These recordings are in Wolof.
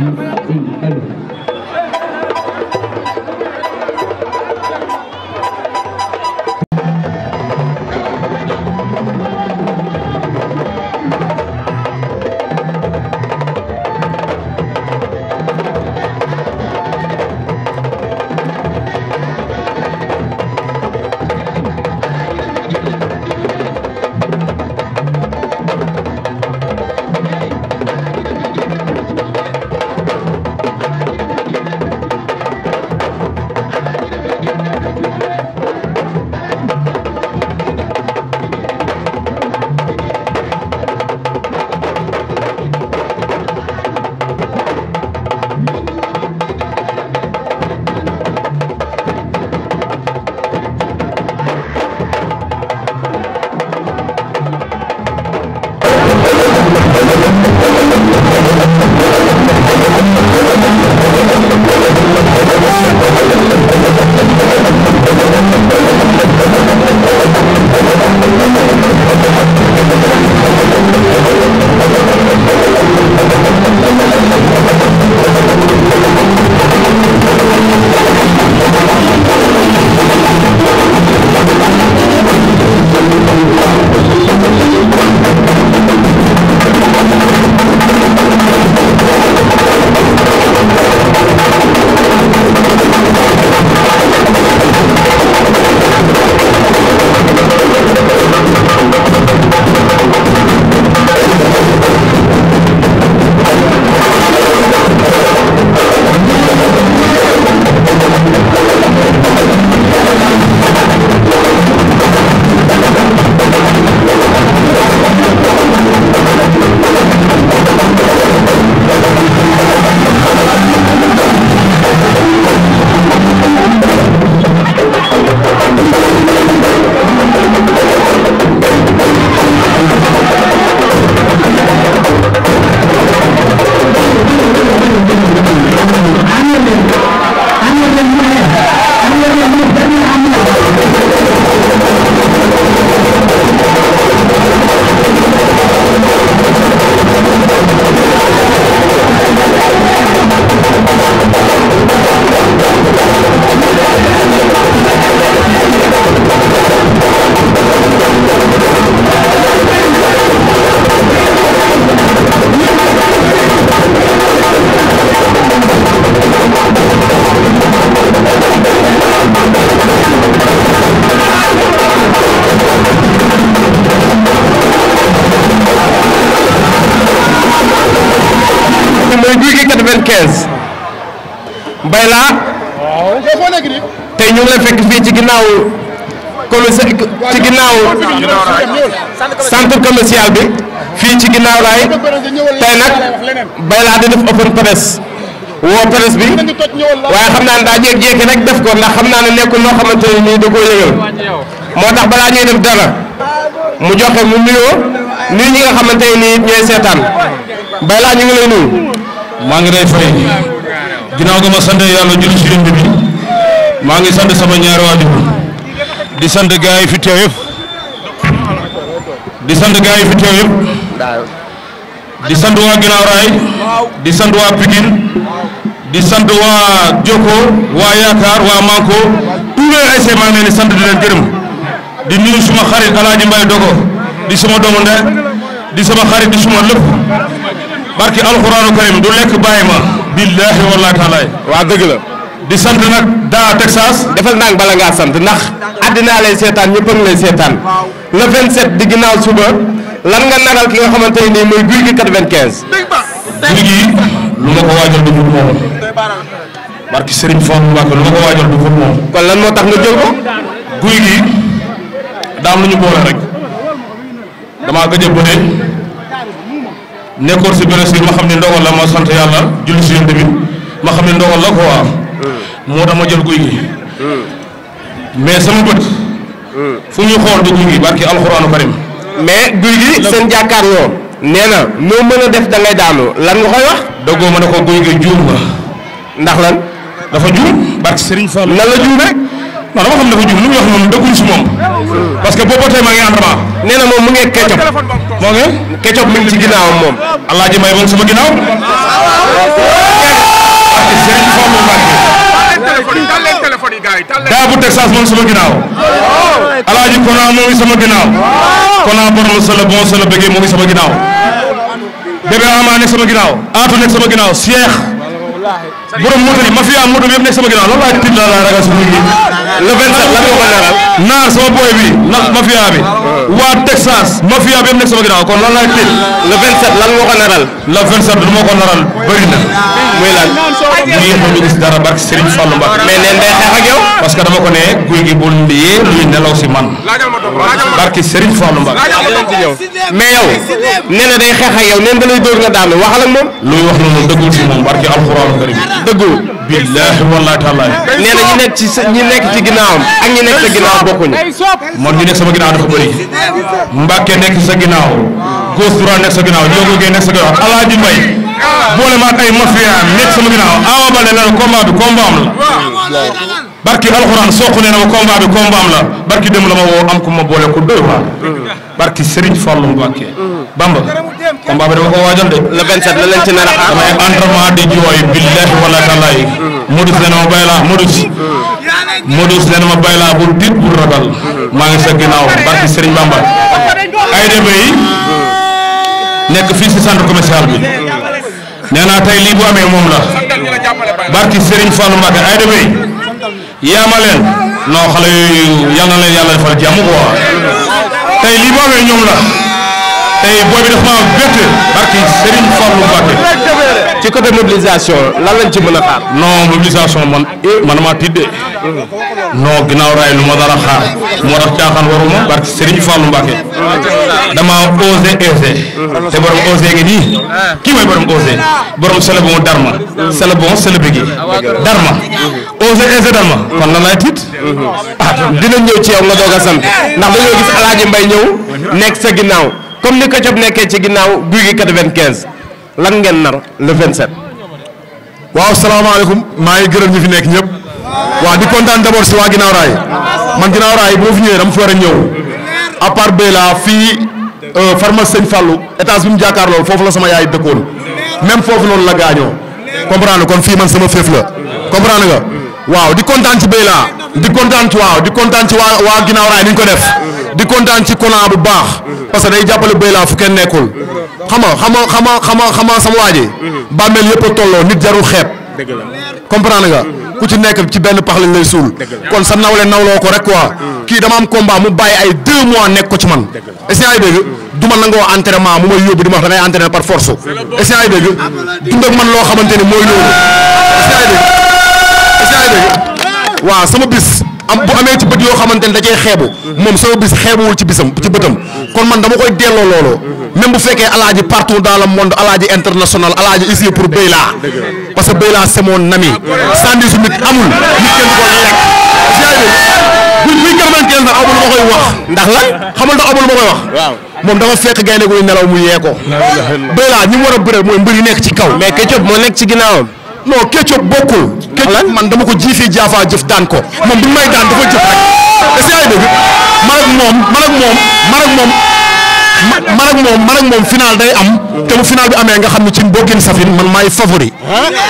Thank you. 15. Bayla. waaw. tey ñu ngi lay fekk fii ci ginnaaw commercial ci ginnaaw centre commercial bi fii ci ginnaaw laay tey nag Bayla di def open press woo presse bi waaye xam naa ne daa jékki-jékki rek def ko ndax xam naa ne nekkul loo xamante ne nii da koo moo tax balaa ñuy def dara mu joxe mu nuyoo nit ñi nga xamante nii ñooy seetaan Bayla ñu ngi lay nuyu. maa ngi lay fay ginnaaw ga ma sant yàlla julli ci maa ngi sant sama ñaari waajur di sant gaay yi fi teew di sant gaay yi fi teew di sant waa ginnaaw raay di sant waa Pikine di sant waa Jokko waa Yaakaar waa Manko tous les ASC maa ngi di sant di leen gërëm di nuyu suma xarit Alaaji Mbaye Dogo di suma doomu ndey di sama xarit di suma lépp barki alxuraanu karim du lek bayima ma. wallahi taala wa deug la. di sante nak da Texas. defal nak bala nga sante nak adina lay setan ñepp a ngi lay setan le 27 di ginaaw suba. lan nga naral ki nga xamanteni ni moy mooy gi 95. guy gi lu nga ko wajal du moom. barki Serigne wa ko lu nga wajal du moom. kon lan moo tax nga jël ko. guy gi am lu ñu boole rek. dama gëjë bu ne nekkoon si blessure ma xam ne ndogal la ma sant yàlla julli si yéen tamit ma xam ne ndogal la quoi. Hmm. moo tax ma jël guy gi. Hmm. mais sama bët. Hmm. fu ñu xool du guy gi barki alxuraanu karim. mais guy gi seen jàkkaarloo. nee na noo mën a def da ngay lan nga koy wax. dëggoo ma ne ko guy gi juum ndax lan. dafa juum barki Serigne Fall. lan la juum rek. non dama xam ne dafa jub lu muy wax dëggul si moom parce que boobu ba tey maa ngi entraînement. nee na moom mu ngi keccop. moo ngi keccop mi ngi ci ginnaawam moom. allah ji may woon sama ginnaaw. daa bu Texas moom sama ginnaaw. alaaji Kona moo sama ginnaaw. Kona borom sala bon sala bëggee moo sama ginnaaw. bébé Ama nekk sama ginnaaw. Aatu nekk sama ginnaaw Cheikh. borom moto yi ma fi am moto bi yëpp nekk sama ginnaaw lan laa tiit la laa ragal si léegi le 27 lan nga ko leeral naar sama boy bi ndax mafia bi waa Texas mafia bi yëpp nekk sama ginnaaw kon lan laay tiit le 27 lan nga ko leeral le 27 du ma ko leeral bëri na muy lan nii mu ngi gis dara barke Serigne Fallou Mbacke mais neen day xeex ak yow parce que dama ko ne guy gi bu ndiyee luy nelaw si man barke Serigne Fallou Mbacke mais yow nee na day xeex ak yow neen da lay dóor nga daanu waxal ak moom luy wax noonu dëggul si moom barke alxuraan alxuraan karim dëggu billaahi wallaahi taalaahi nee na ñi nekk ci ñi nekk ci ginnaawam ak ñi nekk sa ginnaaw bokkuñu man ñi a sama ginnaaw dafa bëri Mbàkke nekk sa ginnaaw Gos Dura nekk sa ginnaaw Ndiogo Gueye nekk sa ginnaaw Alaaji Mbay boole ma ay mafia nekk sama ginnaaw Awa Bale la combat bi combat am la barki alxuraan soo ko nee na ma combat bi la barki dem la ma woo am ku boole ku doy waar barki Serigne Fallou Mbàkke Bamba combat bi dama ko waajal de. le 27 la leen ci nar a xaar. damay entraînement di jooy billahi wala talaay. Mm. Modou Sy ma bay laa Modou Sy. Mm. Modou ma bay laa bul tiit bul ragal. Mm. maa ngi sa ginnaaw barki Serigne Bamba. ay dembe yi. nekk fii si sant commercial bi. nee naa tey lii bu amee moom la. barki Serigne Fallou Mbacke ay dembe yi. yaama leen. non xale yooyu yal na leen yàlla defal jàmm quoi. tey lii bu amee ñoom la. tey booy bi dafa maa bett barki Serigne Fallou Mbacké. ci côté mobilisation lan lañ ci mën a xaar. non mobilisation man eh, man maa tiit de non ginnaaw raay lu ma dara xaar moo tax caaxaan waruma barki Serigne Fallou Mbacké dama osé osé te borom osé gi nii kii mooy borom osé borom c'est darma c'est le bon c'est le bégi darma osé kon lan laay tiit mhm. ah, dinañ ñëw ci yow nga doog a sant ndax dañoo gis Alaaji Mbay ñëw nekk sa ginnaaw comme ni Ketchup nekkee ci ginnaaw guy gi quinze lan ngeen nar vingt 27. waaw salaamaaleykum maa ngi gërëm ñi fi nekk ñëpp. waaw di kontaan d'abord si waa ginnaaw raay man ginnaaw raay boo ma fi ñëwee dama fi war a ñëw à part Bella fii euh, pharmacie Sëñ Fallou étage bi mu jàkkaarloo foofu la sama yaay dëkkoon même foofu noonu la gaañoo comprendre kon fii man sama féef la comprendre nga waaw di kontaan ci Bella. di kontaan ci waaw di kontaan ci waa waa ginnaaw raay ni ko def di kontaan ci kona bu baax parce que day jàppale béy laa fu kenn nekkul xam nga xam nga xam nga xam nga xam nga sama waa ji bàmmeel yëpp a tolloo nit jarul xeeb comprendre nga ku ci nekk ci benn pax lañ lay suul kon sa nawle nawloo ko rek quoi mm. kii dama am combat mu bàyyi ay deux mois nekk ko ci man est-ce que ay dégg du ma nangoo entraînement mu may yóbbu di ma wax da par force est-ce que ay dégg dund ak man loo xamante ne mooy waaw sama bis am bu amee ci bët yoo xamante ne da cee xeebu moom sama bis xeebuwul ci bisam ci bëtam kon man dama koy delloo loolu même bu fekkee alaaji partout dans le monde alaaji international alaaji ici pour Beyla parce que Beyla c'est mon ami sandi su nit amul nit kenn ko lekk koy wax ndax lan xamal tax amul ma koy wax moom dafa fekk gaynde guy nelaw mu yee ko Beyla ñi mu war a bëre mooy mbër yi nekk ci kaw mais Ketchup moo nekk ci ginnaaw non Ketchup bokkul. Ketchup man dama ko jiifee jaafaa jëf daan ko moom bi may daan dafa jëf rek est man ak moom man ak moom man ak moom. man ak moom man ak moom final day am te bu final bi amee nga xam ne ci mbokkin safin man maay favori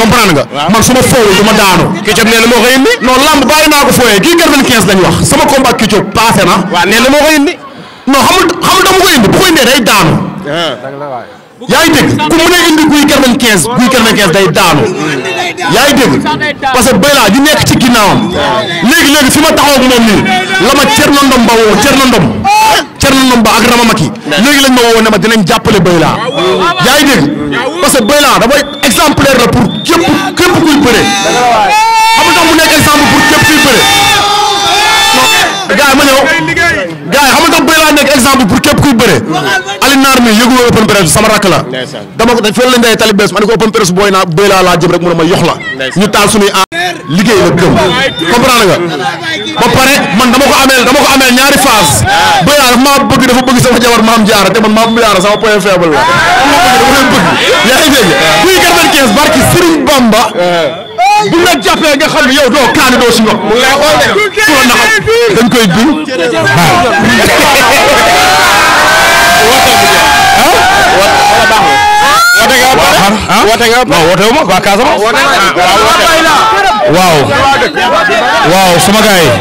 comprendre nga man su ma foowul du ma daanu Ketchup nee na moo ko indi non lamb bàyyi naa ko fooyee kii 95 dañ wax sama combat Ketchup passé na waaw nee na moo ko indi non xamul dama ko indi bu ko indee day daanu ah. yaa ngi dégg ku mën a indi guy quatre day daanu yaa ngi dégg parce que nekk ci ginnaawam léegi léegi fi ma taxaw ak moom nii la ma Thierno ba woo Thierno Ndom Thierno Ndom ba ak Rama Maki léegi lañ ma woo ne ma dinañ jàppale béy laa yaa ngi dégg parce que béy laa dafay exemplaire la mu nekk exemple pour képp kuy bëree non gars yi ma ñëw gars yi xam nga nekk exemple pour képp kuy ali naar mi yëgu open press sama rakk la dama ko fële lañ day tali bees ma ne ko open press booy naa béy laa laa jëm rek mu ne ma yox la ñu taal suñuy a liggéey la gëm comprendre nga ba pare man dama ko ameel dama ko ameel ñaari phase béy laa dafa maa bëgg dafa bëgg sama jabar maam jaara te man maam jaara sama point faible la dama bëgg yaa ngi dégg kuy quatre-vingt-quinze barki Serigne Bamba eh. bu la jàppee nga xam ne yow doo kaani doo si ngox mu lay xool dañ koy bi ah woote nga ba woote wu waaw waaw sama gars yi.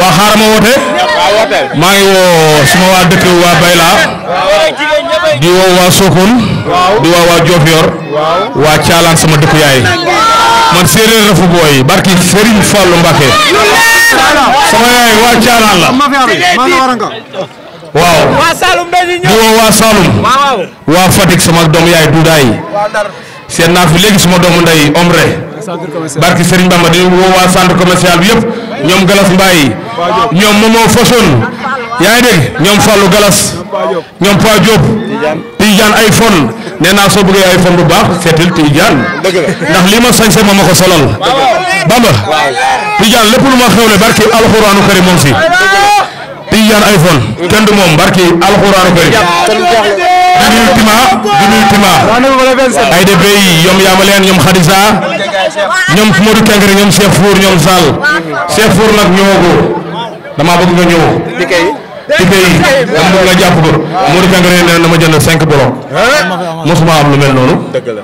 waa xaaral ma woote. maa ngi woo suma waa dëkk waa Bayla. di woo waa Sokone. di woo waa Diofior. waa Thialane sama dëkk yaay. man séeréer la fu booy barki Serigne Fallou Mbacké. sama yaay waa Thialane la. waaw Wa Saloum dañuy ñëw wa waa Saloum. Wa waa Fatick sama doomu yaay Duda yi. seen naa fi léegi suma doomu ndey Omre. barki Serigne Bamba di woo wa centre commercial bi yëpp ñoom Galas Mbaye ñoom Momo Fason yaa ngi dégg ñoom Galas ñoom Pa job Tidiane iPhone nee naa soo iPhone bu baax seetil Tidiane. ndax lii ma sañ sama solal. Bamba Tidiane lépp lu ma xewle barki alxuraanu karim moom si. Tidiane iPhone. kenn du moom barki alxuraanu kër yi. di nuyu ay de béy ñoom Yamalène ñoom Khadija ñoom Modou Kengre ñoom Cheikh Four ñoom Sall Cheikh Four nag ñëwagoo ko Modou Kengre nee na dama jënd 5 bolok mosuma am lu mel noonu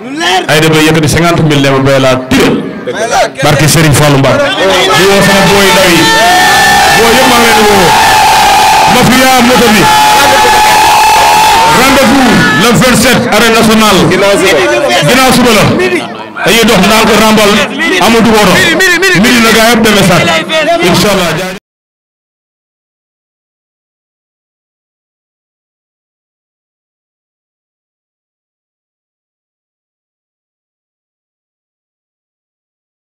ma béy laa tiral barke Serigne Fallou Mbar di woo sama booy ndaw yi booy yëpp maa woo parce que yaa moto bi. rendez-vous le a arène nationale. ginnaaw suba la. dox naan ko rambal Amadou Woro. midi la gaa yëpp demee sax. incha